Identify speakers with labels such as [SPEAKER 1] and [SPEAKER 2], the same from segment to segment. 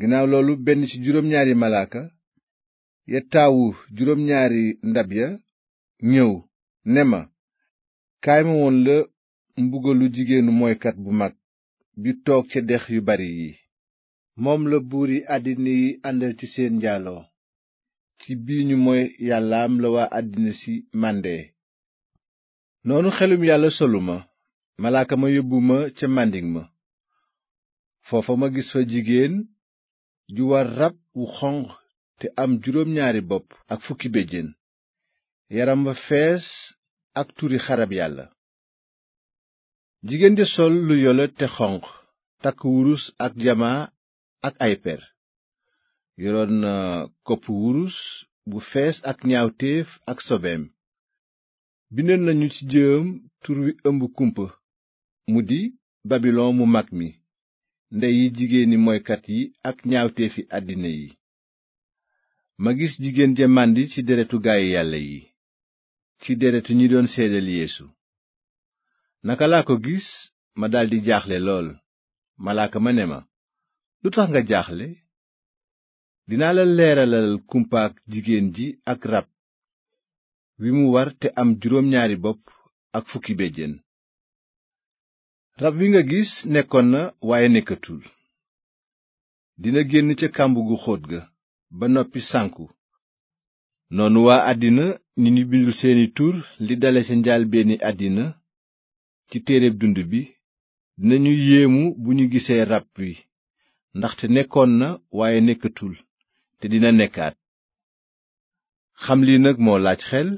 [SPEAKER 1] ginnaaw loolu benn ci juróom ñaari malaaka ya taawu juróom ñaari ndab ya ñëw ne ma kaay ma la mbugalu jigéenu mooykat bu mag bi toog ca dex yu bari yi moom la buur yi àddina yi àndal ci seen njaaloo ci bii ñu mooy yàllaam la waa àddina si mànde noonu xelum yàlla solu ma malaaka ma yóbbu ma ca màndik ma foofa ma gis fa jigéen ju war rab wu xonq te am juróom bopp ak fukki béjjén fees ak turi xarab yàlla jigéen di sol lu yole te xonq takk wurus ak jamaa ak ay per yoroon na kopp wurus bu fees ak ñaawteef ak sobeem bindoon nañu ci jëwam tur wi ëmb kumpa mu di babilon mu mag mi ndeyi jigéeni moykat yi ak ñaawteefi àddina yi ma gis jigéen ja màndi ci deretu yàlla yi ci deretu ñi doon seedal yeesu naka laa ko gis ma daldi jaaxle lool malaaka ma ne ma lu tax nga jaaxle dinaa la leeralal kumpaak jigéen ji ak rab wi mu war te am juróom ñaari bopp ak fukki béjjén rab wi nga gis nekkoon na waaye nekkatul dina génn ca kàmb gu xóot ga ba noppi sànku noonu waa àddina ni ñu bindul seeni tur li dale ca njaalbeeni àddina ci téereb dund bi dinañu yéemu bu ñu gisee rab wi ndaxte nekkoon na waaye nekkatul te dina nekkaat xam lii nag moo laaj xel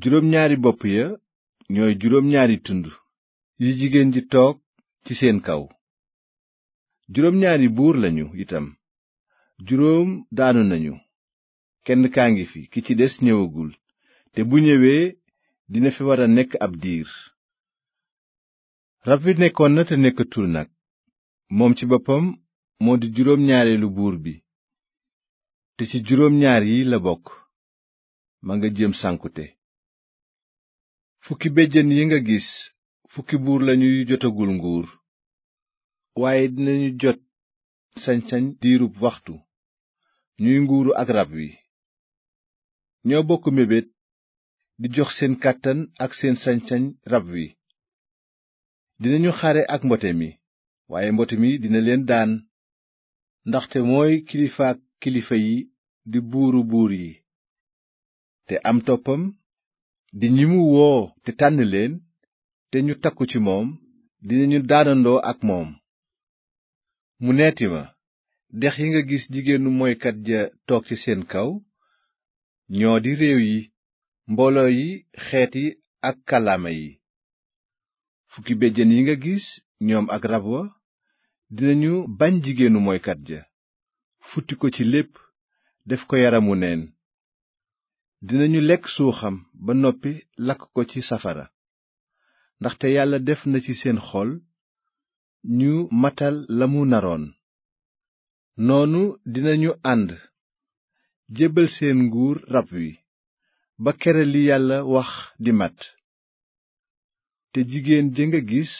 [SPEAKER 1] juróom ñaari bopp ya ñooy juróom ñaari tund yu jigéen di toog ci seen kaw juróom buur lañu itam juróom daanu nañu kenn kaa ngi fi ki ci des ñëwagul te bu ñëwee dina fi war a nekk ab diir rab wi nekkoon na te nekkatul nag moom ci boppam moo di juróom ñaareelu buur bi te ci juróom ñaar yi la bokk ma nga jëm sankute yi nga gis fukki buur lañuy jotagul nguur waaye dinañu jot sañ diirub waxtu ñuy nguuru ak rab wi ñoo bokk mébét di jox seen kàttan ak seen sañ rab wi dinañu xare ak mbote mi waaye mbote mi dina leen daan ndaxte mooy kilifaak kilifa yi di buuru buur yi te am toppam di ñi mu woo te tànn leen te ñu takku ci moom dinañu daanandoo ak moom mu neeti ma dex yi nga gis jigéenu moykat ja toog ci seen kaw ñoo di réew yi mbooloo yi xeet yi ak kàllaama yi fukki béjjén yi nga gis ñoom ak rab wa dinañu bañ jigéenu moykat ja futti ko ci lépp def ko yaramu neen dinañu lekk suuxam ba noppi lakk ko ci safara ndaxte yàlla def na ci seen xool ñu matal la mu naroon noonu dinañu ànd jébbal seen nguur rab wi ba kere li yàlla wax di mat te jigéen ji nga gis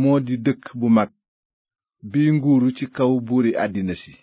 [SPEAKER 1] moo di dëkk bu mag bi nguuru ci kaw buuri àddina si